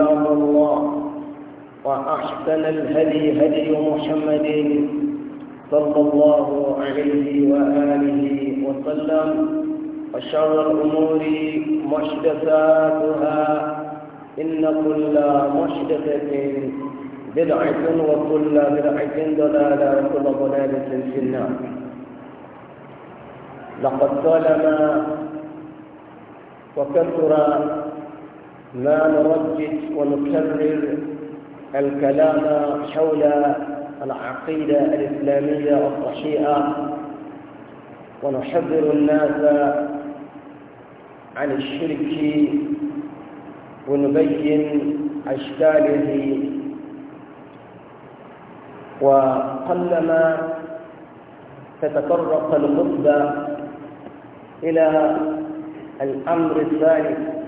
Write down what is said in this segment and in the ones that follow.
كلام الله وأحسن الهدي هدي محمد صلى الله عليه وآله وسلم وشر الأمور محدثاتها إن كل محدثة بدعة وكل بدعة ضلالة وكل ضلالة في النار لقد ظلم وكثر لا نردد ونكرر الكلام حول العقيدة الإسلامية الصحيحة ونحذر الناس عن الشرك ونبين أشكاله وقلما تتطرق الخطبة إلى الأمر الثالث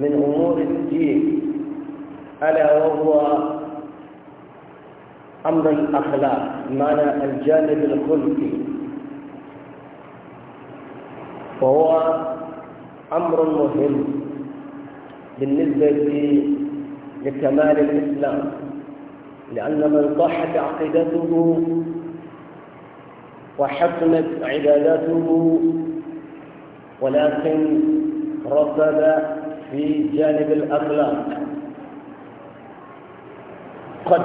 من أمور الدين ألا وهو أمر الأخلاق معنى الجانب الخلقي وهو أمر مهم بالنسبة لكمال الإسلام لأن من صحت عقيدته وحسنت عبادته ولكن رفض في جانب الأخلاق قد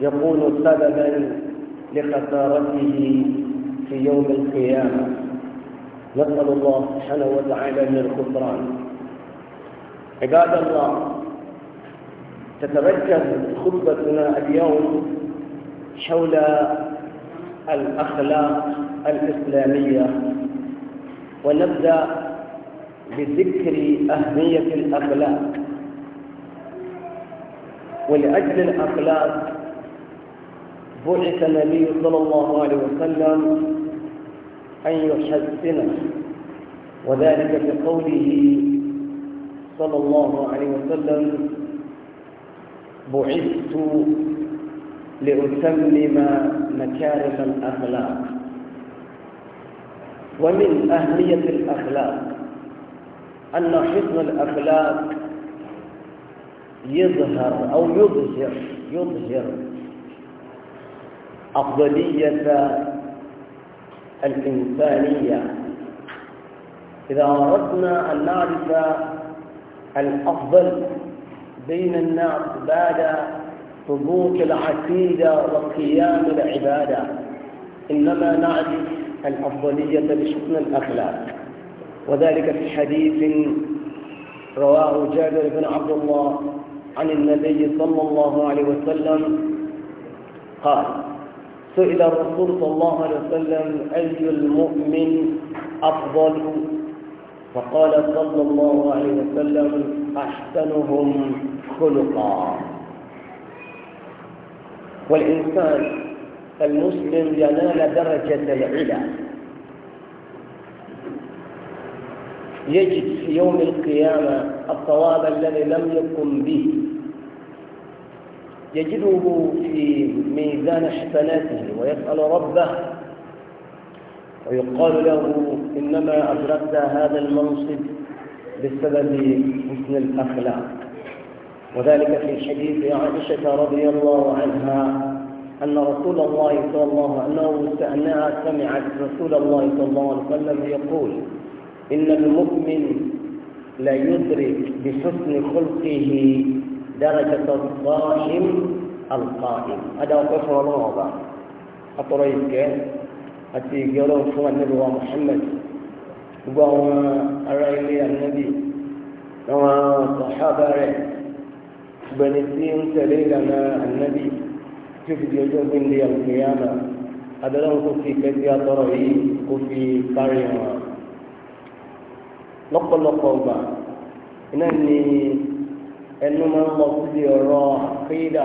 يكون سببا لخسارته في يوم القيامة نسأل الله سبحانه وتعالى من الخسران عباد الله تتركز خطبتنا اليوم حول الأخلاق الإسلامية ونبدأ بذكر أهمية الأخلاق ولأجل الأخلاق بعث النبي صلى الله عليه وسلم أن يحسن وذلك بقوله صلى الله عليه وسلم بعثت لأتمم مكارم الأخلاق ومن أهمية الأخلاق أن حسن الأخلاق يظهر أو يظهر يظهر أفضلية الإنسانية إذا أردنا أن نعرف الأفضل بين الناس بعد ثبوت العقيدة وقيام العبادة إنما نعرف الأفضلية بحسن الأخلاق وذلك في حديث رواه جابر بن عبد الله عن النبي صلى الله عليه وسلم قال سئل الرسول صلى الله عليه وسلم أي المؤمن أفضل فقال صلى الله عليه وسلم أحسنهم خلقا والإنسان المسلم ينال درجة العلا يجد في يوم القيامة الصواب الذي لم يقم به يجده في ميزان حسناته ويسأل ربه ويقال له إنما أدركت هذا المنصب بسبب حسن الأخلاق وذلك في حديث عائشة رضي الله عنها أن رسول الله صلى الله عليه وسلم أنه سمعت رسول الله صلى الله عليه وسلم يقول إن المؤمن لا يدرك بحسن خلقه درجة الصائم القائم هذا قصر الله أطريك أتي يرون سوى النبي محمد وهو أرأي النبي وصحابة بنسيهم سليلنا النبي شوف يجوز لي القيامة هذا لهم في كثير أطريك وفي كريمة lọ́pọ̀lọpọ̀ ọgbà iná ni ẹnu máa ń lọ síbi ọ̀rọ̀ àkéèdà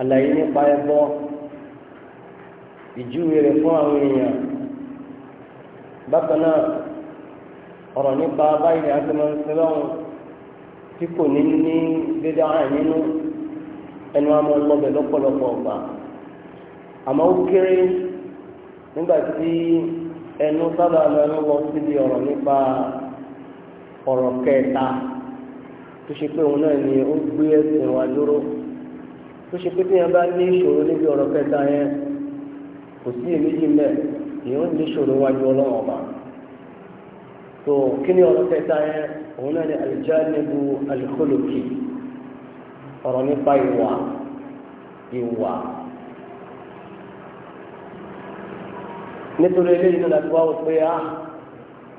àlàyé nípa ẹbọ ìjúwe fún àwọn èèyàn bákan náà ọ̀rọ̀ nípa báyìí àti máa ń sẹ́lọ́run tí kò ní ní dédé nínú ẹnu àmọ́ lọ́bẹ̀ lọ́pọ̀lọpọ̀ ọgbà ẹnu sábà máa ń wọ síbi ọ̀rọ̀ nípa ọ̀rọ̀ kẹta tó ṣe pé òun náà ni ó gbé ẹsẹ̀ wa dúró tó ṣe pé téèyàn bá ní ìṣòro níbi ọ̀rọ̀ kẹta yẹn kò sí èméjì mẹ́ èèyàn ní ìṣòro wájú ọlọ́run ọba tó kí ni ọ̀rọ̀ kẹta yẹn òun náà ni aljanibu alkhuluki ọ̀rọ̀ nípa ìwà ìwà. nítorí eléyìí náà láti wá wò pé ah, ya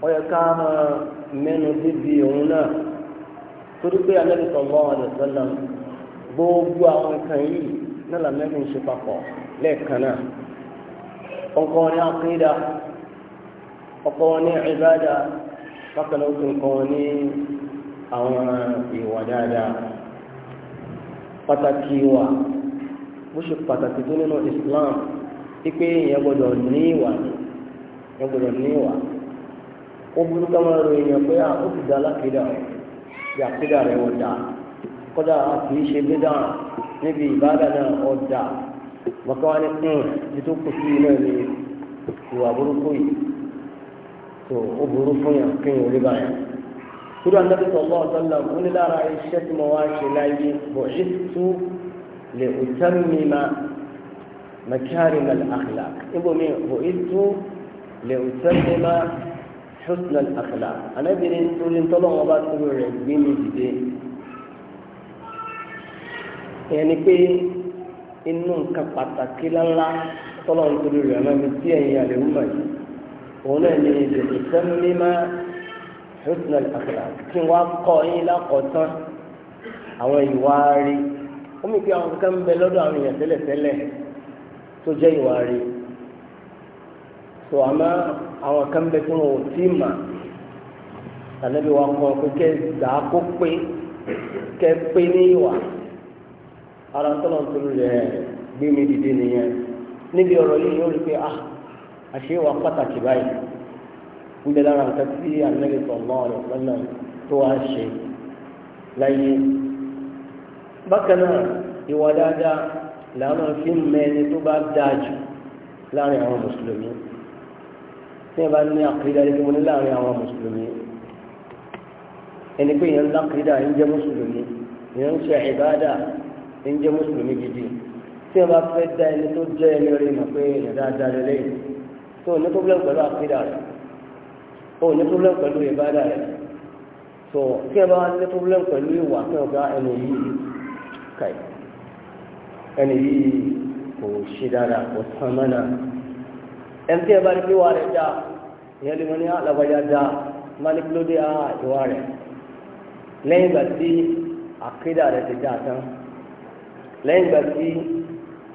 ọyọ ká máa mẹ́nu bíbi òun náà torí pé Ànábì sallallahu alaihi wasallam gbogbo awon kan yi nala làmẹ́ fi ń ṣe papọ̀ wani a ọkọ̀ da àkídà ọkọ̀ ní ìbádà bákan náà awon iwa kọ́ ní àwọn bó ṣe pàtàkì tó nínú Islam pípé èèyàn gbọdọ̀ ní ìwà wọ́n gbọ́dọ̀ ní ìwà ó burú káwọn ẹrù èèyàn pé ó ti da alákìdá rẹ̀ bí àkìdá rẹ̀ ọ̀dà kọ́dà kì í ṣe dídá níbi ìbáàdà náà ọ̀dà bàkà wá ní kún hmm, ibi tó kù sí iná ní ìwà burúkú yìí tó ó burú fún yàn kí n ò rí báyìí. Kúrò ànábi sọ̀rọ̀ ọ̀sánlá ó ní lára iṣẹ́ tí mo wá ṣe láyé bọ̀ ṣe tú lè òtẹ́rù mi máa mẹ́kárì mẹ́lẹ̀ àkìlá. Níbo mi bọ̀ ṣe tú لأتمم حسن الأخلاق أنا بني تقول طلع وبعد تقول بني جدي يعني كي inú nǹkan pàtàkì lánlá tọ́lọ́run torí rẹ̀ máa mi tí ẹ̀yìn àlè wúmọ̀ yìí òun náà ní ìdè ìsẹ́mímá husn al-akhlaq kí wọ́n kọ́ yín lákọ̀ọ́tán àwọn ìwà rí omi pé àwọn kan bẹ lọ́dọ̀ àwọn èèyàn tẹ́lẹ̀tẹ́lẹ̀ tó jẹ́ ìwà rí to amma àwọn kan bẹ tí wọn ò tí ì ànábi wa kọ́ pé á kó pé pé ní ìwà ara tọ́lọ̀ tó rẹ̀ gbé mi dìde nìyẹn níbi ọ̀rọ̀ yìí yóò rí a ah, àṣé wa pàtàkì báyìí ń bẹ lára nǹkan tí ànábi sallallahu alaihi wasallam tó wá ṣe láyé bákan náà ìwà dáadáa làwọn fi ń mẹ ẹni tó bá dáa jù láàrin tí wọ́n bá ní àkìdá lé mo ní láàrin àwọn mùsùlùmí ẹni pé èèyàn ńlá àkìdá ń jẹ́ mùsùlùmí èèyàn ń ṣe ìbáàdà ń jẹ́ mùsùlùmí gidi tí wọ́n bá fẹ́ dá ẹni tó jẹ́ ẹni rí mọ̀ pé èèyàn dáadáa lé lẹ́yìn tó ní pẹ̀lú àkìdá rẹ̀ ó ní problem pẹ̀lú ìbáàdà rẹ̀ tó tí wọ́n bá ní problem pẹ̀lú ìwà tí wọ́n ẹni yìí kàì ẹni yìí kò ṣe dáadáa kò tán mọ́nà ẹni tí wọ́n bá ní wà rẹ̀ dáa ìyẹn lè mọ ní alágbájá ah, dáa má ní kílódé á ah, ìwà rẹ̀ lẹ́yìn ìgbà tí àkídà rẹ̀ ti dáa tán lẹ́yìn ìgbà tí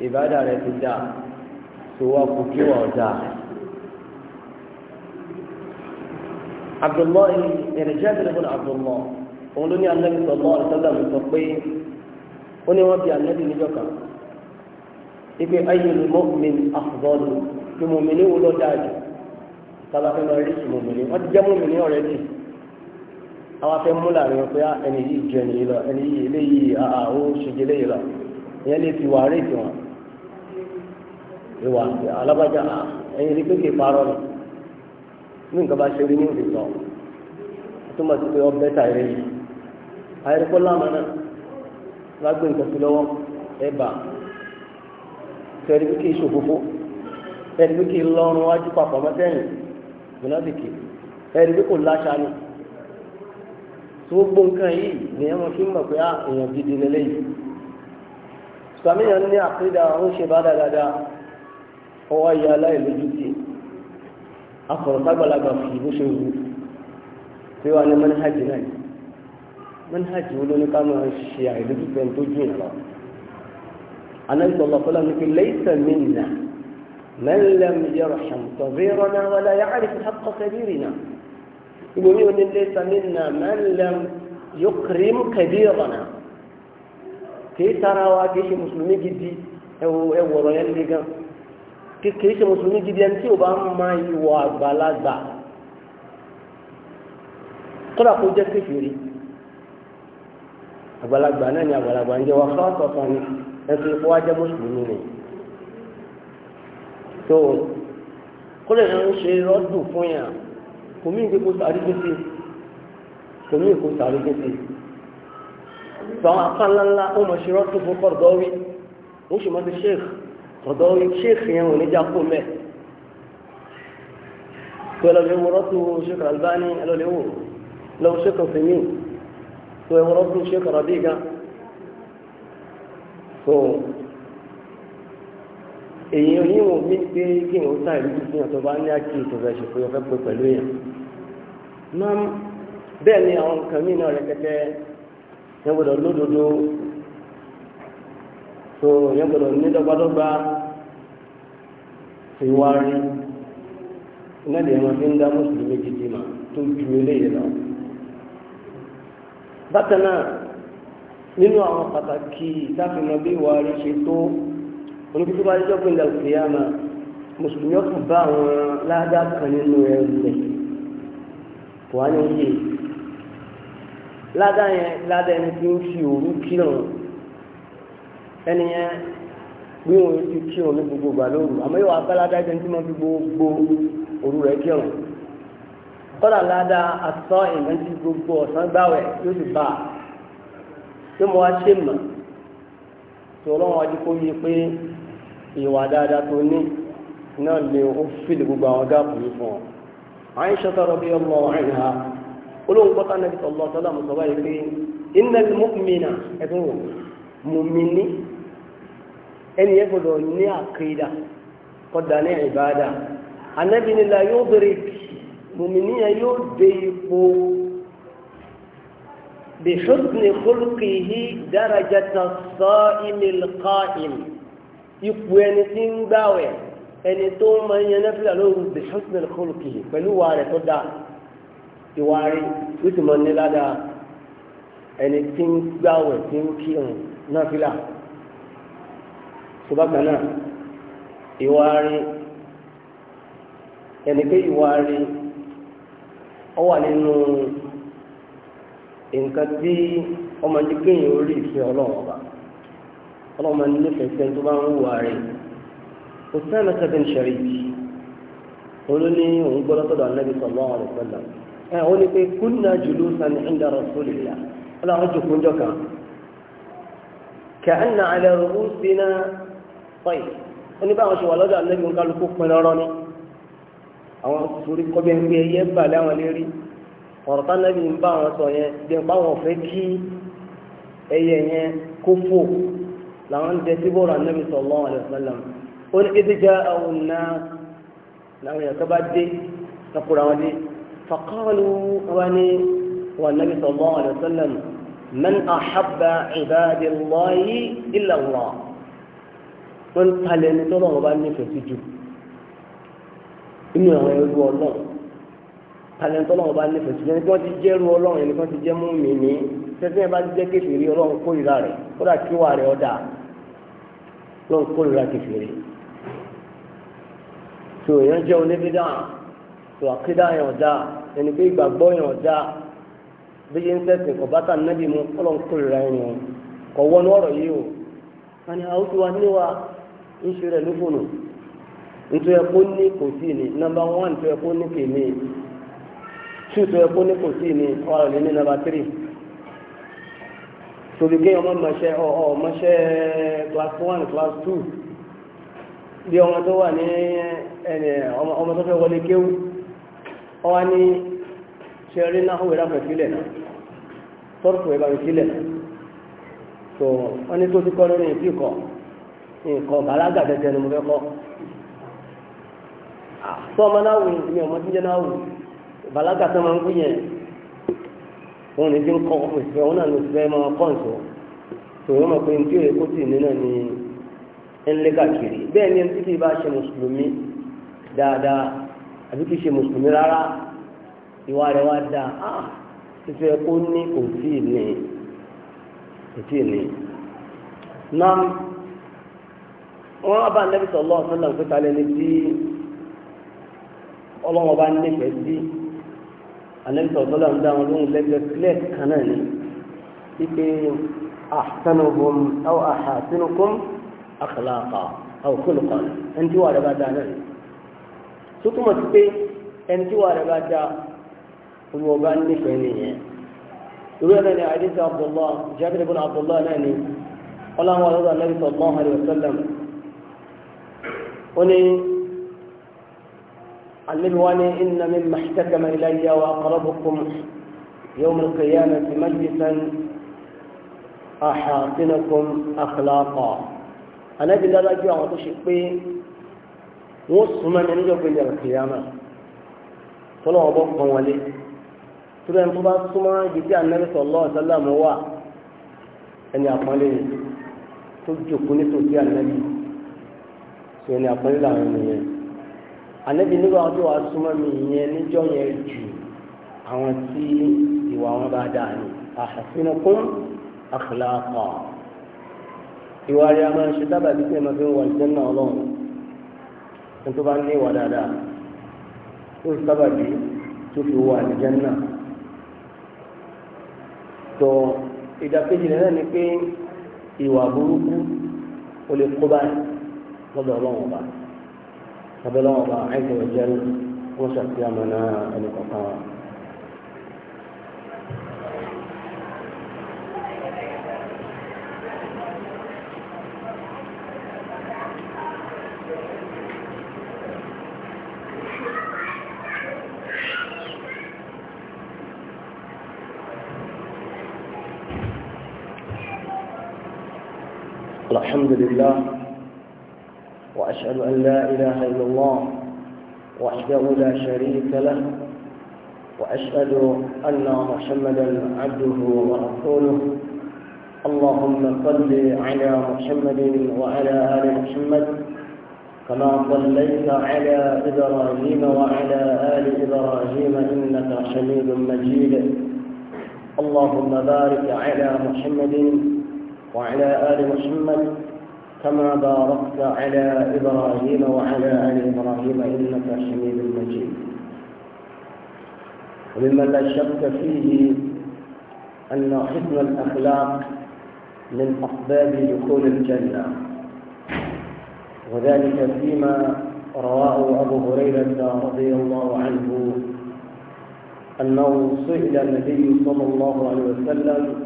ìbádà rẹ̀ ti dáa tó wá kú kí wọ́n dáa. Abdullahi ìrìnjẹ́ ìrìnbọn Abdullahi òun ló ní anabi sọ̀tọ́ ọ̀sọ́dọ̀mù sọ pé ó ní wọ́n fi anabi níjọ́ kan ipe ayélujára mọ́kùnrin àfọ̀dọ́lù ni mọ̀mí ní wo lọ́ọ́ sábà fẹ́ lọ rí ìmọ̀mìnì wọ́n ti jẹ́ mọ̀mìnì ọ̀rẹ́dì àwọn afẹ́ mú láàrin wọn pé ah, ẹni yìí ju ẹni yìí lọ ẹni yìí eléyìí àà ah, ah, ó ṣèjì eléyìí lọ ìyẹn lè fi wà réètì wọn ìwà alábàjá ẹyin rí pé kì í parọ́ ni ní nǹkan bá ṣe rí ní òde sọ túmọ̀ sí pé ọ bẹ́tà eré yìí ayẹyẹkọ́ láàmú lágbé nǹkan sí lọ́wọ́ ẹ bà tẹ̀rí pé kì í ṣòfófó tẹ̀rí pé kì í lọ́rùn wájú papọ̀ mọ́tẹ́yìn mùnàfíkì ẹni bí kò láṣà ni tó gbó nǹkan yìí ni ẹ mọ fi ń mọ̀ pé ah, èèyàn gidi lélẹ̀ yìí sàmìyàn ní àkídà ó ṣe bá dáadáa ọwọ́ ìyá aláìlójútì akọ̀rọ̀kágbàlagbà fi bó ṣe wù pé wà ní manhajì náà manhajì wo ló ní ká máa ṣe àìlójútì ẹni tó jù lọ. anáyìí sọ̀rọ̀ ní pé lẹ́yìn sẹ́mìnà من لم يرحم صغيرنا ولا يعرف حق كبيرنا يقولون ليس منا من لم يكرم كبيرنا كي ترى واكيش مسلمي جدي او او رويال ليغا كيش مسلمي جدي انت وبا ما يوا بلاغا kódà kó jẹ́ kékeré àgbàlagbà náà ni àgbàlagbà ń jẹ́ wá fáfáfá ni ẹ̀sìn ìfowájẹ́ tó kó lè ń ṣe rọ́dù fún yàn kò mí ìgbé kó sáré kété kò mí ìkó sáré kété tó àwọn apá ńláńlá ó mọ̀ ṣe rọ́dù fún kọ́dọ̀ọ́wì ó sì mọ̀ sí sheikh kọ́dọ̀ọ́wì sheikh yẹn ò ní já kó mẹ́ tó ẹ lọ èyí oníwọ̀n mi pé kí n ó ìlú fún ọ̀tọ̀ bá ní àkí ìtọ̀rọ̀ pé ọ̀fẹ́ pé pẹ̀lú èèyàn máa bẹ́ẹ̀ ni àwọn nǹkan míì náà rẹpẹtẹ yẹn gbọ́dọ̀ lódodo tó yẹn gbọ́dọ̀ ní dọ́gbadọ́gba tó wá rí iná lè máa fi ń dá mùsùlùmí gidi mà tó ju eléyìí lọ. bákan náà nínú àwọn pàtàkì oníkútú bá jọ́ pé ilẹ̀ òkè yá máa mùsùlùmí ọkùn bá àwọn ládàá kan nínú ẹrù rẹ̀ kò wá ní oye ládàá yẹn ládàá ẹni tí ń fi òru kírun ẹni yẹn gbogbo ìgbà lóru àmọ́ yóò wá bá ládàá gbogbo òru rẹ̀ gbogbo a ìwà dáadáa tó ní náà lè ó fìlì gbogbo àwọn gáàpù yìí fún ọ. Aisha radiyallahu anha olóhùn pátá nàbí sallallahu alaihi wasallam sọ báyìí pé innal mu'mina ẹ̀dùn wò mùmíní ẹni yẹn gbọdọ̀ ní àkídà kọ́dà ní ìbáadà anábì yóò bèrè mùmíní yẹn yóò dé ipò bi husni khulqihi darajata as-sa'imil qa'im ipò ẹni tí ń gbàwẹ̀ ẹni tó ń máa ń yan nẹ́fìlà lóru the husband kọlùkì pẹ̀lú ìwà rẹ̀ tó dáa ìwà rẹ̀ ó sì máa ń ní ládàá ẹni tí ń gbàwẹ̀ tí ń kírun nẹ́fìlà tó bá kan náà ìwà rẹ̀ ẹni pé ìwà rẹ̀ ọ wà nínú nǹkan tí ọmọdé kéèyàn orí ìfẹ́ ọlọ́run ọba ọlọ́run máa nífẹ̀ẹ́ sẹ́ni tó bá ń wùwà rẹ̀ Usama bin Sharik olóní òun gbọ́dọ̀ sọ́dọ̀ Ànábì sallallahu alaihi wasallam ẹ̀ ó ní pé kunna julusan inda Rasulillah ọlọ́run jù kúnjọ kan ka'anna ala ru'usina tayr ó ní báwọn ṣe wà lọ́dọ̀ Ànábì kálukú pin lọ́rọ́ ni àwọn torí kọ́bẹ̀ ń gbé ẹyẹ balẹ̀ àwọn lérí ọ̀rọ̀ tánábì ń bá àwọn sọ yẹn bí ẹ̀ làwọn ń tẹ́tí bọ́ọ̀rọ̀ anábì sallallahu alaihi wasallam ó ní ìdíjà àwọn náà làwọn èèyàn kaba dé kakura wọn dé faqalu wọn ni wọn anábì sallallahu alaihi wasallam man ahabba ibadillahi illa Allah wọn talẹ̀ ní tọ́lọ́ wọn bá nífẹ̀ẹ́ sí jù inú àwọn ẹrú ọlọ́run talẹ̀ ní tọ́lọ́ wọn bá nífẹ̀ẹ́ sí jù ẹni tí wọ́n ti jẹ́ ẹrú ọlọ́run ẹni tí wọ́n ti jẹ́ mú mi nìyí tẹ́tẹ́ bá jẹ́ kẹfìrí ọlọ́run kórìíra rẹ̀ kódà kíwà rẹ̀ ọ̀dà ọlọ́run kórìíra kẹfìrí tó èèyàn jẹ́ oníbídà tó àkídà yẹn ọ̀dà ẹni pé ìgbàgbọ́ yẹn ọ̀dà bí yẹn ń tẹ̀sìn kọ̀ bàtà nẹ́bí mu ọlọ́run kórìíra yẹn wọn kọ̀ wọnú ọ̀rọ̀ yìí o wọn ni àwọn tó wà níwà ń ṣe rẹ̀ lófònù nítorí ẹ̀kọ́ ní kò sí ni nọ́mbà wán nítorí ẹ̀kọ́ ní kèmí tù tó ẹ̀kọ́ ní kò sí ni ọ̀rọ̀ torí pé ọmọ mọṣẹ ọ class one class two bí ọmọ tó wà ní ọmọ tó fẹ́ wọlé ọ wá ní ṣẹrí náà ó wẹ̀rẹ̀ àfẹ́sílẹ̀ náà tọ́rọ̀fù ẹ̀ bá sílẹ̀ náà tó wọ́n ní tó ti kọ́ lórí ìfi kọ́ nǹkan bàlágà tẹ̀tẹ̀ ni mo fẹ́ kọ́ tó ah, ọmọ náà wọn ní tí kọ́ ìfẹ́ wọn náà máa kọ́ ìṣọ́ mọ̀ pé tí kó sì ní náà ni ńlẹ́ bẹ́ẹ̀ ni tí bá ṣe mùsùlùmí dáadáa àbí kìí ṣe mùsùlùmí rárá ìwà rẹ̀ wá dáa á ah, fífẹ́ kó ní kò tí ní kò tí ní. nam wọn bá nẹ́bí sọ̀lọ́ ọ̀sán náà pé ta tí anẹ́bìtọ̀ ọ̀tọ́lá ń dá wọn lóhun lẹ́gbẹ́ clear kan náà ni wípé ahsanuhum aw ahasinukum akhlaqa aw khuluqan ẹni tí wà rẹ̀ bá dá náà ni tó túmọ̀ sí pé ẹni tí wà rẹ̀ bá dá olùwọ̀bá nífẹ̀ẹ́ nìyẹn irú ẹ̀rọ ni àdìsí Abdullah Jabir ibn Abdullah náà ni ọlọ́run wà lọ́dọ̀ anẹ́bìtọ̀ ọ̀gbọ́n النبواني إن مما احتكم إلي وأقربكم يوم القيامة مجلسا أحاطنكم أخلاقا أنا بلا رجوع وتشقي وصما نجو إلى القيامة طلعوا بقهم ولي ترى أن تبقى الصمع جدي النبي صلى الله عليه وسلم هو أن يقبلني تجكني تجي النبي سيني أقبل لها ànábì nígbà wọn tí wàá súnmọ́ mi yẹn níjọ́ yẹn jù àwọn tí ìwà wọn bá dáa ni ahasinukum akhlaqa ìwà rẹ̀ a máa ń ṣe dábàá bí pé màá fi ń wà ìjẹ́ náà lọ́wọ́ ní tó bá ní ìwà dáadáa ó sì sábà bí tó fi wà ìjẹ́ náà tó ìdàkejì rẹ̀ náà pé ìwà burúkú ó lè kó báyìí lọ́dọ̀ ọlọ́wọ́ báyìí. فبلغ الله عز وجل وسط يومنا الاقطاع الحمد لله وأشهد أن لا إله إلا الله وحده لا شريك له وأشهد أن محمدا عبده ورسوله اللهم صل على محمد وعلى آل محمد كما صليت على إبراهيم وعلى آل إبراهيم إنك حميد مجيد اللهم بارك على محمد وعلى آل محمد كما باركت على إبراهيم وعلى آل إبراهيم إنك حميد مجيد ومما لا شك فيه أن حسن الأخلاق من أسباب دخول الجنة وذلك فيما رواه أبو هريرة رضي الله عنه أنه سئل النبي صلى الله عليه وسلم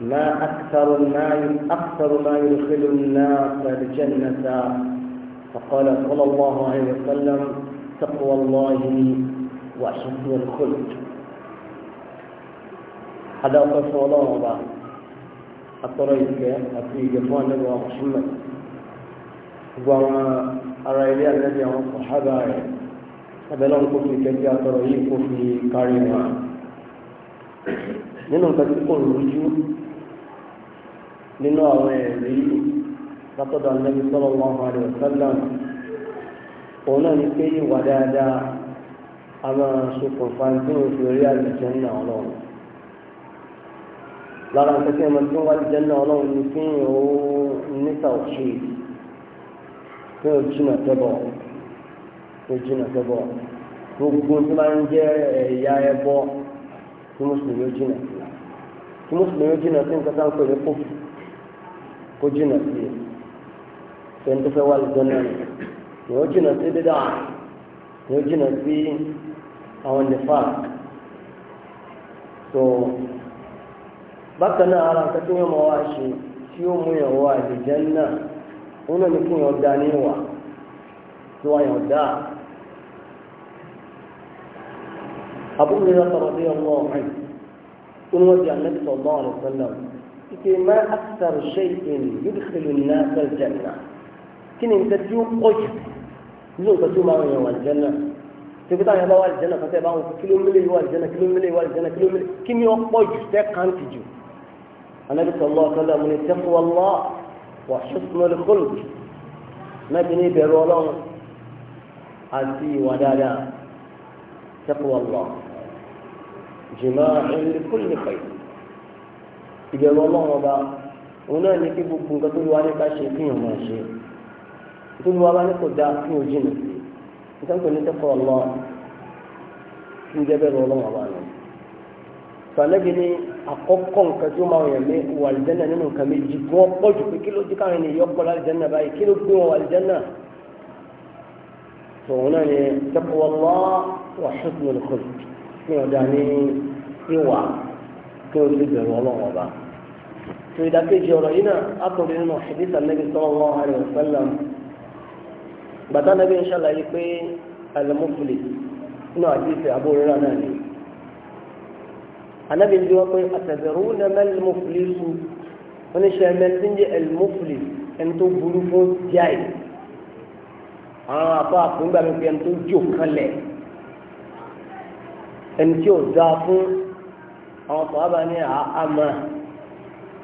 ما أكثر ما أكثر ما يدخل الناس الجنة فقال صلى الله عليه وسلم تقوى الله وأشد الخلق هذا قصة الله أطريك أتي جفوان محمد وما أرى إلي النبي والصحابة أبلون كفي كفي أطريك كفي كريمة nínú nǹkan nínú àwọn ẹ̀rí látọ̀dọ̀ Ànábì sallallahu alaihi wasallam òun náà ní pé ìwà dáadáa a máa ṣokùnfà tí o fi rí àlùjẹ́ náà ọlọ́run lára nǹkan tí ẹ̀mọ́ tí wọ́n wá àlùjẹ́ náà ọlọ́run ní kí o níta òṣì kí o jìnà tẹ́bọ̀ kí o jìnà tẹ́bọ̀ gbogbo tí máa ń jẹ́ ẹ̀yà ẹbọ tí mùsùlùmí ó jìnà tí mùsùlùmí ó jìnà tí nǹkan tá à ń pè ní kófù kó jìnà sí i fẹ́ni tó fẹ́ wà lùdọ́ náà ni yóò jìnà sí dídá yóò jìnà sí àwọn nìfà tó bákan náà ara nǹkan tí wọ́n mọ̀ wá ṣe tí ó mú ìyàwó àdìjẹ́ náà òun náà ni kí wọ́n da ní ìwà tí wọ́n yàn dáa. أبو هريرة رضي الله عنه قل وجه النبي صلى الله عليه وسلم ike ma akthar shay'in yudkhilu an-nas al-janna kí ni nǹkan tí ó pọ̀ jù nínú nǹkan tí ó máa ń yàn wà al-janna tẹ̀kọ́ táwọn yẹn bá wà al-janna kan tẹ́ bá wọn kílómílẹ̀ wà al-janna kílómílẹ̀ wà al-janna kílómílẹ̀ kí ni ó pọ̀ jù tẹ́ kàǹtì jù anabi sallallahu alaihi wasallam ni taqwallah wa husnul khuluq nàbí ní ìbẹ̀rù ọlọ́run àti ìwà dáadáa taqwallah jìmọ̀ ẹni kúlù nìkan yìí ìbẹ̀rù ọlọ́run ọba òun náà ní kí gbogbo nǹkan tó lu wa nípa ṣe fi hàn máa ṣe tó lu wa bá ní kò da fún ojú nì nǹkan tó ní tẹ́kọ̀ọ́ lọ kí n jẹ́ bẹ̀rù ọlọ́run ọba nù. sàlẹ́bí ni àkọ́kọ́ nǹkan tó máa yàn mí wà lìjẹ́nà nínú nǹkan méjì gan pọ̀ jù pé kí ló dé káwọn ènìyàn pọ̀ lálìjẹ́nà báyìí kí ló gbé wọn wà lìjẹ́nà. tòun náà ni tẹ́kọ̀ọ́ lọ wà ṣùgbọ́n kò ní ọ̀dà ní ìwà kí o lè bẹ̀rù ọlọ́run ọba tó ìdákejì ọ̀rọ̀ yìí náà àtọ̀rọ̀ nínú hadith anabi sallallahu alaihi wasallam gbàtà nàbí ń ṣàlàyé pé alamufuli nínú àdìsí àbúrò náà ni anabi ń bí wọn pé àtẹ̀bẹ̀rù nàmẹ́ alamufuli su wọn ní ṣe ẹ̀mẹ́ tí ń jẹ́ alamufuli ẹni tó burú fún jáì àwọn àbá àfúngbà mi pé ẹni tó jò kalẹ̀ ẹni tí ò dáa fún àwọn sọ̀rọ̀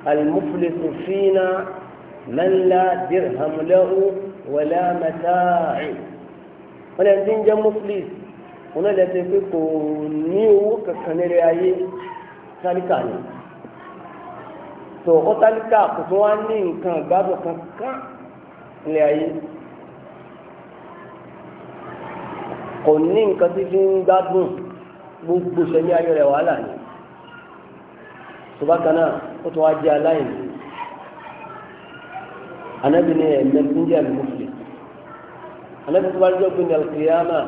المفلس فينا من لا درهم له ولا متاع wọ́n lẹ́yìn tí ń jẹ́ muflis wọ́n lẹ́yìn tí pé kò ní owó kankan nílé ayé tálíkà ni tó ó tálíkà kò tó wá ní nǹkan ìgbádùn kankan nílé ayé kò ní nǹkan tí fi ń gbádùn gbogbo ìṣẹ́yìn ayé rẹ̀ wàhálà ni tó bá kan náà ó tó wá jẹ́ aláìní anabi ni ẹ̀mẹ́ ń jẹ́ àlùmọ́fìlì anabi tó bá jẹ́ ògbìn alkiyama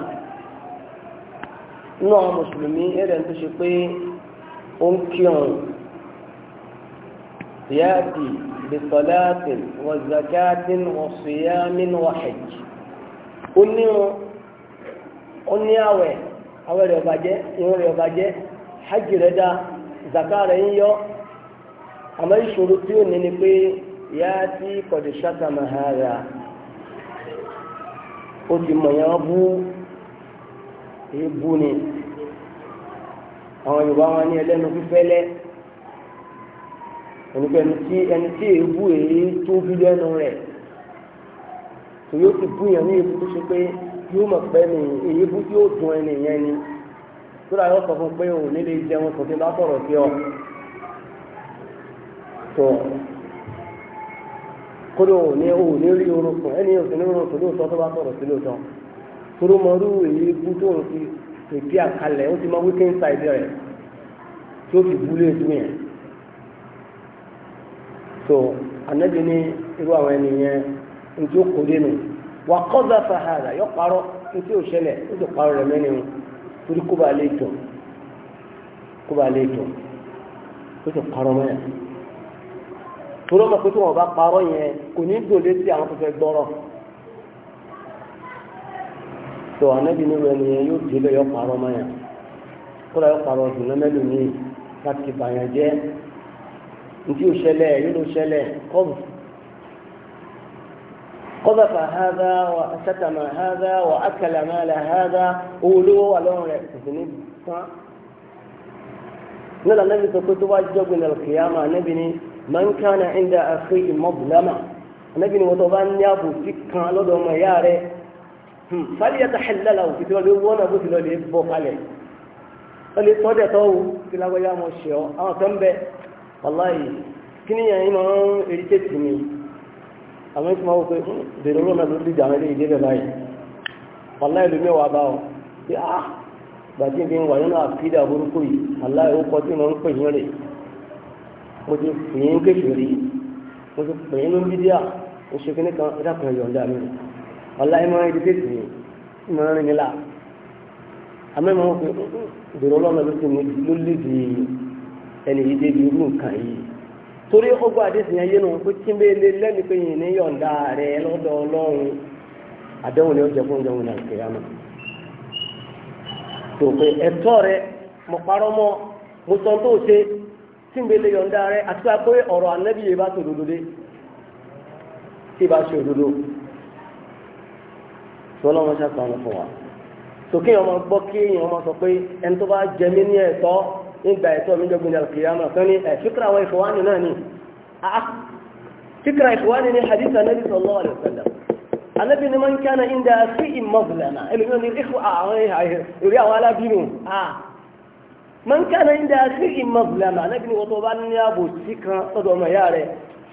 nínú àwọn mùsùlùmí ẹ̀rẹ̀ tó ṣe pé ó ń kírun yáàtì bisalatin wa zakatin wa siyamin wa hajj ó ní ó ní àwẹ̀ àwẹ̀ rẹ̀ ọ̀bàjẹ́ ìrun rẹ̀ ọ̀bàjẹ́ hajj rẹ̀ dá zaka rẹ̀ yọ àmọ́ ìṣòro tí ó ní ni pé ìyá tí kọ̀dé ṣàtàmà ó ti mọ̀yàn bú èébú ni àwọn yorùbá wọn ní ẹlẹ́nu fífẹ́lẹ́ ẹnikẹ́ni tí ẹni tí èébú èyí tó bí lẹ́nu rẹ̀ tó yóò ti bú yàn ní èébú tó ṣe pé yóò mọ̀ pé ní èébú tí ó dùn ẹni yẹn ni tó dáa yóò sọ fún pé òun nílé jẹun tó ti bá sọ̀rọ̀ sí ọ. tó kódò ní òun ní rí orúkọ ẹni òsì ní orúkọ lóòótọ́ tó bá sọ̀rọ̀ to lóòótọ́ tóró mọ́rú èyí bú tó ń fi ti máa wí kéńtà ìdí rẹ̀ tí fi búlé ètò so anabi ní irú àwọn ẹni yẹn ní tí ó kó dénú wà kọ́dà fàhàdà yọ parọ́ ní tí torí ọmọ pé tí wọn bá parọ́ yẹn kò ní gbòlé sí àwọn tó fẹ́ gbọ́rọ̀ tó ànábì nínú ẹni yẹn yóò dé lọ yọ parọ́ mọ́ yẹn kó yọ parọ́ dùnú mẹ́lò ní láti bàyàn jẹ́ ntí o ṣẹlẹ̀ yóò lọ ṣẹlẹ̀ kọ́ọ̀bù قذف هذا وشتم هذا وأكل مال هذا ولو ولو ذنب نلا النبي تقول تواجه من القيامة نبني man kana inda akhihi madlama ànábì ni wọ́n tó bá ní àbòsí kan lọ́dọ̀ ọmọ ìyá rẹ̀ fàlíyà tó xẹlẹ́lá òfin tí wọ́n lè wọ́n náà bó ti lọ lè bọ́ kalẹ̀ wọ́n lè tọ́ dẹ̀tọ́ wò tí lágbájá mo ṣe ọ́ àwọn kan bẹ wàláyé kí ni yẹn iná èyí tètè mi àwọn ìtumọ̀ wò pé dèrò hmm, lọ́nà ló dìjà àwọn eléyìí débẹ̀ báyìí wàláyé lómi wà bá ọ pé ah gbàdí ìdí ń wà nínú àkídà burúkú yìí wàláyé ó kọjú ìmọ̀ ń pè yín rè é mo ti pè é kékeré mo ti pè é ló ń bí díà mo ṣe kíní kan ẹ̀dá kan yọ̀ǹda mi ọ̀la ẹ̀ máa ń di tètè mi máa ń rìn mí là àmọ́ ìmọ̀ pé mm, mm, ìdòrò ọlọ́run ló ti ní ló lè di ẹni yìí débi irú nǹkan yìí torí ọgbà àdéhùn yẹn yé nu pé tí mi lè lẹ́nu pé yìí ní yọ̀ǹda rẹ lọ́dọ̀ ọlọ́run àdéhùn ni ó jẹ fún ìjọba ìlànà kẹyàmù tó pé ẹ̀tọ́ rẹ mo tí ń bẹ lè yọ̀ǹda rẹ àti wá pé ọ̀rọ̀ ànábì yìí bá tó òdodo dé tí ì bá ṣe òdodo sọlá wọn ṣàkóso fún wa sókè yẹn wọn gbọ́ kí yẹn wọn sọ pé ẹni tó bá jẹ mí ní ẹ̀tọ́ nígbà ẹ̀tọ́ mi jọgbìn alkiyama kan ní ẹ̀ fíkra wa ìfọwánì náà ni àá fíkra ìfọwánì ní hadith anabi sallallahu alaihi wasallam anabi ni man kana inda fi imazlama ẹlòmíràn ní ìfọ àwọn ìrí àwọn man kana inda akhihi mazlama anábìíní wọn tó bá ní ààbò sí kan sọ́dọ̀ ọmọ ìyá rẹ̀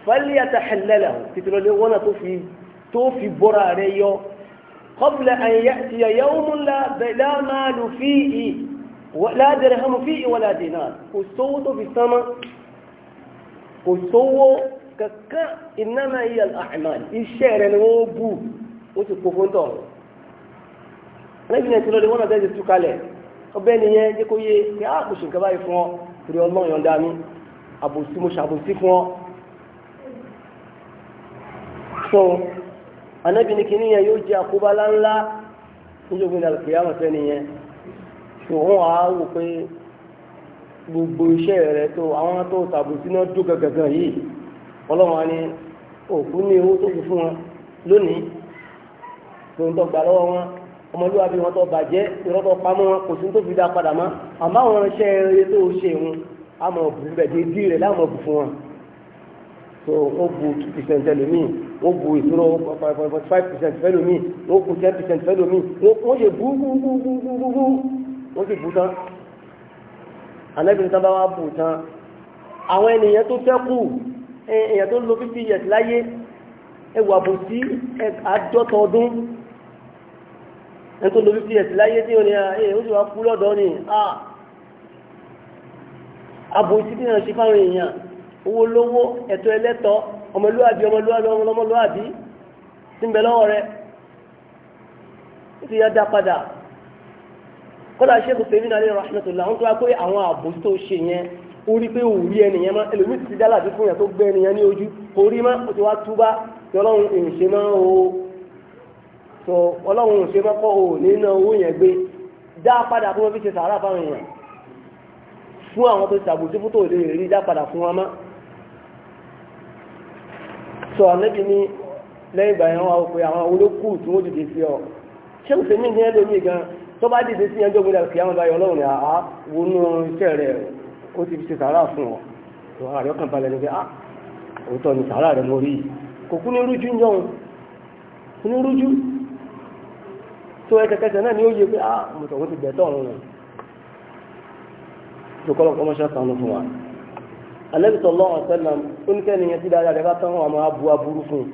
falyatahallalahu tìtìlọ́lé wọn náà tó fi bọ́ra rẹ̀ yọ qabla an ya'tiya yawmun la malu fihi la dirhamu fihi wala dinar kò sówó tó fi sánmọ́ kò sówó kankan innama hiya al-a'mal iṣẹ́ rẹ̀ ni wọ́n bù ó ti kó fún tọ̀ anábìíní tìlọ́lé wọn náà tẹ́ ọbẹ̀ nìyẹn jẹ́ kó yé kí á kò ṣe nǹkan báyìí fún ọ torí ọlọ́run yọ̀ǹda mi àbòsí mo ṣàbòsí fún ọ. so anabi ni kìíní yẹn yóò jẹ àkóbá ńláńlá níjọba ìdàlù kìí àwọn ọ̀fẹ́ nìyẹn so wọn á wò pé gbogbo iṣẹ́ rẹ tó àwọn tó ṣàbòsí náà dó gàgàgàn yìí ọlọ́run á ní òkú ní owó tó fi fún wọn lónìí tó ń dọ́gba lọ́wọ́ wọn ọmọlúwàbí wọn tó bàjẹ́ ìrọ́tọ̀ pamọ́ wọn kò sí tó fi dá padà mọ́ àmọ́ àwọn ọ̀rẹ́ṣẹ́ eré tó ṣe wọn a mọ̀ bù bẹ̀ dé dí rẹ̀ láwọn bù fún wọn so wọ́n bu two percent ẹlòmíì wọ́n bu ìṣúná forty five percent fẹ́lòmíì wọ́n bu ten percent fẹ́lòmíì wọ́n ṣe bú bú bú bú bú bú bú wọ́n sì bú tán anábìrin tán bá wá bù tán àwọn ènìyàn tó tẹ́kù èèyàn tó lo fifty years láyé ẹwà bò sí àádọ́ta ọdún ẹni tó lo bps láyé tí ó ní ẹ ah, eh, ó sì wá kú lọ́dọ̀ ni àbò ìtìtì náà ṣe fáwọn èèyàn owó lówó ẹ̀tọ́ ẹlẹ́tọ́ ọmọlúwàbí ọmọlúwàbí ọmọlúwàbí ti ń bẹ lọ́wọ́ rẹ̀ ti yá dá padà kọ́lá ṣe kò tèmi náà lè rahmatullah ń tó wá pé àwọn àbò tó ṣe yẹn ó rí pé òwúrí ẹnìyẹn má ẹlòmíì ti dá láti fún yàn tó gbẹ ẹnìyẹn ní ojú kò rí má ó ti wá túbá yọlọ́run èèṣẹ́ máa ń wo tó ọlọ́run ṣe mọ́kọ́ ò nínú owó yẹn gbé dá padà fún wọn fi ṣe sàárà fáwọn èèyàn fún àwọn tó ṣàbòsí fún tó lè rí dá padà fún wọn mọ́ sọ ànábì ní lẹ́yìn ìgbà yẹn wà ó pé àwọn olókù tí wọ́n dìde sí ọ ṣé kò sí ní ìdíyẹn lómi gan tó bá dìde sí ẹjọ́ gbọdọ̀ kí àwọn báyọ̀ ọlọ́run àá wọnú iṣẹ́ rẹ̀ ó ti fi ṣe sàárà fún ọ tó ààrẹ ọkàn balẹ̀ ní pé ah òótọ́ ni sàárà rẹ̀ mo rí kò kú ní rújú ń yọ̀hún kú ní rújú tó ẹsẹ̀kẹsẹ̀ náà ni ó yẹ pé ah mo tọ̀wọ́ ti bẹ̀tọ̀ ọ̀run rẹ̀ tó kọ́ lọ́kọ́ mọ́ṣẹ́ sànú fún wa alẹ́bí sallallahu alaihi wasallam ó ní kẹ́ni yẹn tí dáadáa rẹ̀ bá tán wọn máa bu aburú fún un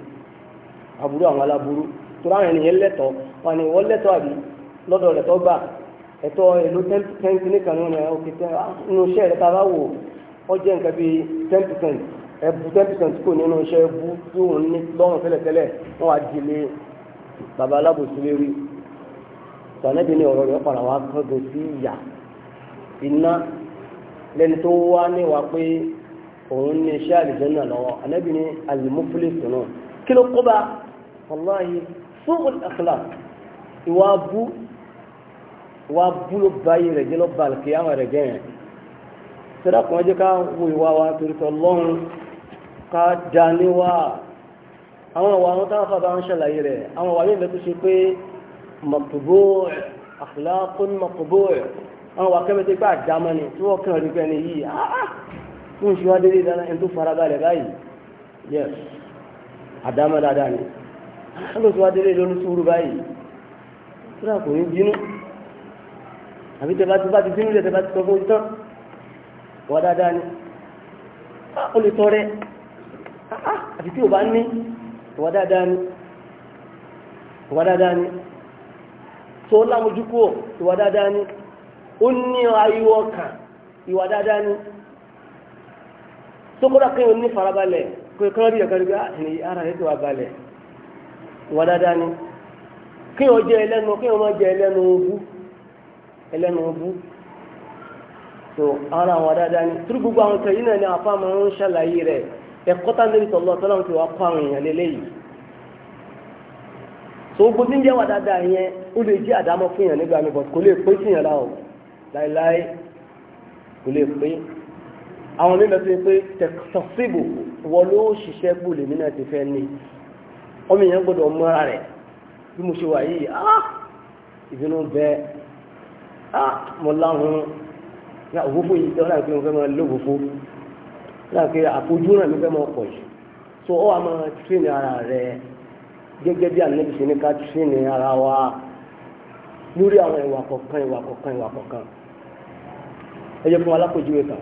aburú àwọn aláburú tó ráwọn ènìyàn lẹ́tọ̀ọ́ wọn ni wọ́n lẹ́tọ̀ọ́ àbí lọ́dọ̀ rẹ̀ tó gbà ẹ̀tọ́ èlò tẹ́ǹtì nìkan ní òkè tẹ́ nínú iṣẹ́ rẹ̀ tá wò ó jẹ́ nǹkan bíi ten percent ẹ̀bù ten percent kò nínú iṣẹ́ ẹ̀bù tí òun ní lọ́rùn tẹ́lẹ̀tẹ́lẹ̀ wọ́n wá di lé bàbá alábòsí lérí tọ́lẹ́bí ní ọ̀rọ̀ rẹ̀ padà wá kọ́gbọ́n sí ìyà iná lẹ́ni tó wá níwá pé òun ní iṣẹ́ àlùjànnà lọ́wọ́ ànábì ní al-muflis náà kí ló kọ́ba wàláhì su'ul akhlaq ìwà bú ìwà bú ló bá yìí rẹ̀ jẹ́ ló bá àlùkìyàmà rẹ̀ jẹ́ yẹn sọ́dọ̀ ká wo ìwà wa torí sọ lọ́run ká dá níwá àwọn ìwà àwọn táwọn fàbá ń ṣàlàyé rẹ̀ àwọn ìwà yóò lẹ́tọ́ ṣe pé mọ̀tòbóòrè àfúlákún mọ̀tòbóòrè àwọn akẹ́bẹ̀ tó ipá àdámọ́ ni tí wọ́n kàn rí pẹ́ ni yìí áá tó ń ṣíwá délé dáná ẹni tó fara balẹ̀ báyìí yes àdámọ́ dáadáa ni ẹni tó ṣíwá délé lónú sùúrù báyìí tó dà kò ní bínú àbí tẹ bá ti bá ti bínú lẹ tẹ bá ti sọ fún ojú tán wà dáadáa ni ó lè tọrẹ àti tí ò bá ní wà dáadáa ni wà dáadáa ni tó lámojú kúrò ìwà dáadáa ni ó ní ayíwọ́ kan ìwà dáadáa ni tó kọ́dà kí o ní farabalẹ̀ kí o kọ́ rí ẹ̀kọ́ rí ah, ní ara rẹ̀ tó wà balẹ̀ ìwà dáadáa ni kí o jẹ ẹlẹ́nu kí o máa jẹ ẹlẹ́nu ogú ẹlẹ́nu ogú tó ara wà dáadáa ni tó gbogbo àwọn tẹ̀yìn náà ni àfa máa ń ṣàlàyé rẹ̀ ẹ̀kọ́ tá níbi tọ̀lọ́ tọ́lá ti wà pa àwọn èèyàn lélẹ́yìí so gbogbo tí ń jẹ́ wà dáadáa yẹn ó lè jẹ́ àdámọ́ fún yàn nígbà mi but kò lè pé síyàn láwọn láéláé kò lè pé àwọn mímọ tó yẹ pé tẹ̀sọ̀síbò wọ́n ló ṣiṣẹ́ bù lèmi náà ti fẹ́ ní ọmọ yẹn gbọ́dọ̀ mọ́ra rẹ̀ bí mo ṣe wà yìí ah ìbínú bẹ ah mo láhùn ya òfófó yìí tẹ́wọ́n láti pé mo fẹ́ máa lé òfófó láti pé àfojúràn mi fẹ́ máa pọ̀ jù so ọ wà máa tírèmì ara rẹ̀ gẹ́gẹ́ bí ànábì ṣe ní ká ara wa lórí àwọn ìwà kọ̀ọ̀kan ìwà kọ̀ọ̀kan ìwà kọ̀ọ̀kan ẹ jẹ́ fún alákòjúwe kan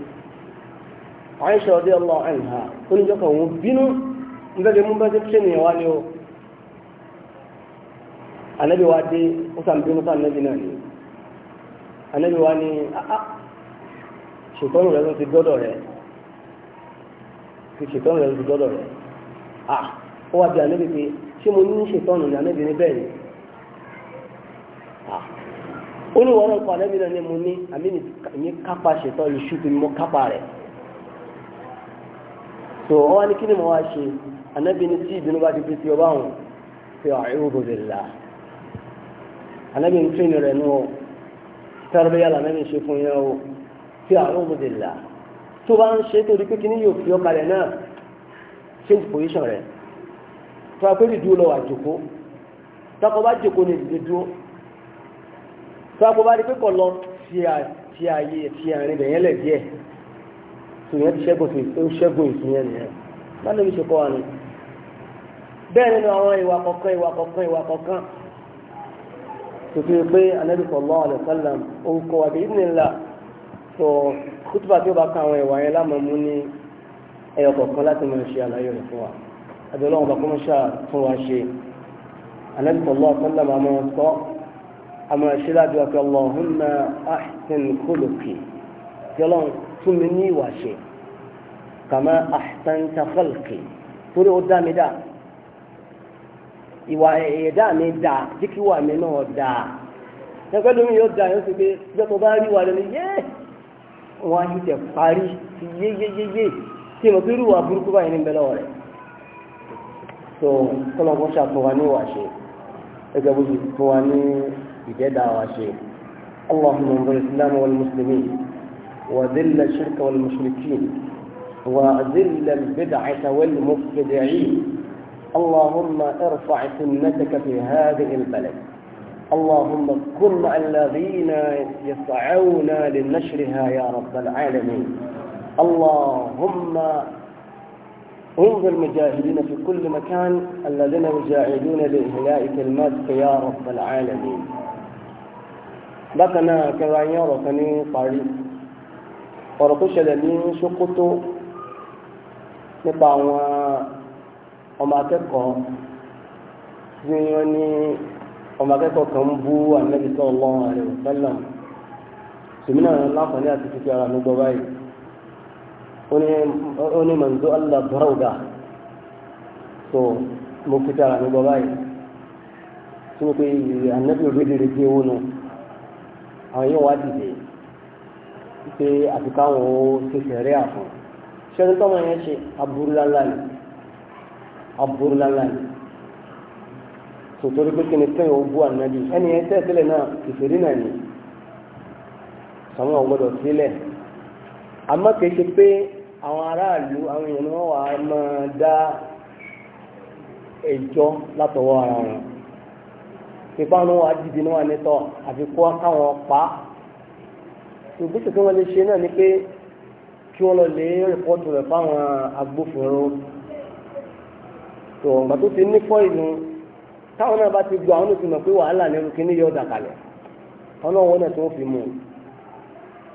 Aisha radiyallahu kan òun bínú mú bẹ́ẹ̀ ni o ànábì wa dé ó sàn bínú fún ni wa ni ṣètọ́nù rẹ ló ti ah ó wà bí ṣé mo ní ṣètọ́nù ní ànábì ní bẹ́ẹ̀ ni olùwọ́n ah. ọkọ̀ ànábì náà ni mo ní àmì ní kápá ṣètọ́nù ṣùkú ni mo kápá rẹ̀ tó ọ wá ní kí ni mo wá ṣe ànábì ní tí ìbínú bá ti fi ti ọba àwọn fi a'udhu billah ànábì ní tírínì rẹ̀ nù ọ tẹ́rọ̀bẹ́yà lànábì ṣe fún yẹn o fi a'udhu billah tó bá ń ṣe torí pé kí ni yóò fi ọkàlẹ̀ náà change position rẹ̀ tó a pé dídú lọ wà jòkó tọkọ bá jòkó ní dídú tó a kò bá di pé kọ̀ lọ ti àyè ti àárín bẹ̀yẹn lẹ̀ díẹ̀ tòyẹn ti ṣẹ́gun ìsìn yẹn nìyẹn bá lóbi ṣe kọ́ wa bẹ́ẹ̀ nínú àwọn ìwà kọ̀ọ̀kan ìwà kọ̀ọ̀kan ìwà kọ̀ọ̀kan tòtí pé Ànábì sallallahu alaihi wasallam ó ń kọ́ àbí ìdílé tó kútùbà tí ó bá ka àwọn ìwà yẹn lámàmú ní ẹyọ kọ̀ọ̀kan láti máa ṣe àlàyé rẹ̀ fún wa abẹ́lẹ́ wọn bá kọ́ ṣá fún wa ṣe anabi sallallahu alaihi wasallam àmọ́ sọ àmọ́ ṣe láti wá pé Allahumma ahsin khuluqi tí ọlọ́run tún mi ní ìwà ṣe kama ahsanta khalqi torí ó dá mi dá ìwà ẹ̀dá mi dá jíkí wà mí náà dá ẹgbẹ́ lómi yóò dá yóò sì pé bí ọmọ bá rí wà lónìí yẹ́ẹ́ wọ́n á yí tẹ̀ parí yéyéyéyé tí mo fi rú wa burúkú báyìí ní bẹ́lẹ́ ọ̀rẹ́. tó kọ́lọ́kọ́ ṣàtún wa ní wà ṣe gẹ́gẹ́ bó ti tún wa ní ìdẹ́dà wa ṣe allahumma anzur islam wal muslimin wa dhilla shirka wal mushrikin wa dhilla al bid'ata wal mubtadi'in اللهم ارفع سنتك في هذه البلد اللهم كن مع الذين يسعون لنشرها يا رب العالمين اللهم انظر المجاهدين في كل مكان الذين يجاهدون لإحياء كلماتك يا رب العالمين بقنا كراني ركني قاري ورقش لمن شقط نبع وما تقع زيوني وما تقع كمبو النبي صلى الله عليه وسلم سمنا الله صلى الله عليه وسلم oni manzo Allah barau so mo fita ni baba yi tí mo pe anabi òdòdó gbé owó nu àwọn yóò wá dìde pé àti káwọn ó ṣèṣe rí àfọn ṣẹ́ni tọ́mọ yẹn ṣe aburúláńlá ni aburúláńlá ni sòtórí pé kí ni kẹ́yìn ó bú anabi ẹni yẹn tẹ́tẹ́lẹ̀ náà ìfèrí náà ni sàmúlò gbọdọ̀ àwọn aráàlú àwọn èèyàn ni wọ́n wà á máa dá ẹjọ́ látọwọ́ ara wọn ìpanu wa dìde ní nítọ́ àfi káwọn pa ìgbésẹ̀ tí wọ́n lè ṣe náà ni pé kí wọ́n lọ lè rìpọ́tù rẹ̀ fáwọn agbófinró tó ọ̀gbà tó ti ní fọ́ìlù táwọn náà bá ti gbọ́ àwọn ò ti mọ̀ pé wàhálà ní irú kíní yóò dàkalẹ̀ ọlọ́run náà tó fi mú un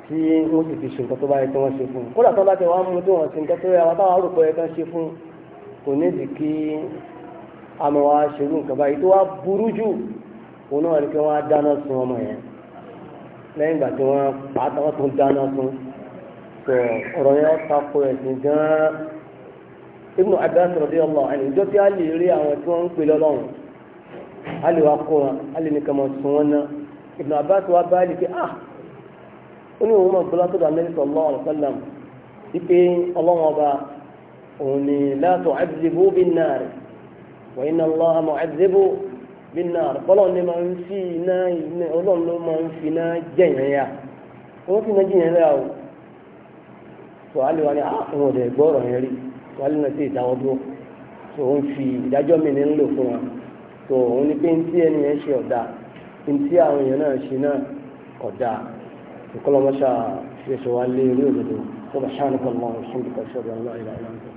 tí wọ́n sì fi ṣe nǹkan tó bá yẹ kí wọ́n ṣe fún un kódà tó bá ti wá mú tí wọ́n ṣe nǹkan tó yẹ àwọn táwọn àròpọ̀ yẹ kí wọ́n ṣe fún un kò ní di kí àmọ́ wa ṣerú nǹkan báyìí tó wá burú jù òun náà ni kí wọ́n á dáná sun ọmọ yẹn lẹ́yìn ìgbà tí wọ́n pàtó wọn dáná sun tó ọ̀rọ̀ yẹn ó takò ẹ̀sìn gan-an ibùdó abẹ́rẹ́ bí ọmọ ẹni ìjọ tí a lè rí àwọn tí wọ́n ń pè lọ́lọ́run a lè wá kó wọn a lè ní kàmọ́ sun wọn náà ibùdó abẹ́rẹ́ sọ̀rọ̀ bá yẹ kí ah ó ní òun máa gbọ́lá tó dà Ànábì sallallahu alaihi wasallam wípé ọlọ́wọ́n ọba òun ni la tu'adhibu bin-nar wa inna Allaha mu'adhibu bin-nar bọ́lọ̀ ni máa ń fi iná ọlọ́run ló máa ń fi iná jẹ̀yàn yá wọ́n fi iná jẹ̀yàn yá o tó a lè wá ní àwọn ah, ọ̀dẹ̀ gbọ́rọ̀ yẹn rí tó a lè nà sí dúró tó ń fi ìdájọ́ mi ní ń lò fún wa tó òun ni pé ntí ẹni yẹn ṣe ọ̀dà ntí àwọn èèyàn náà ṣe náà ọ̀dà. وكل ما شاء يسوى لي ويولده سبحانك اللهم وبحمدك اشهد ان لا اله الا انت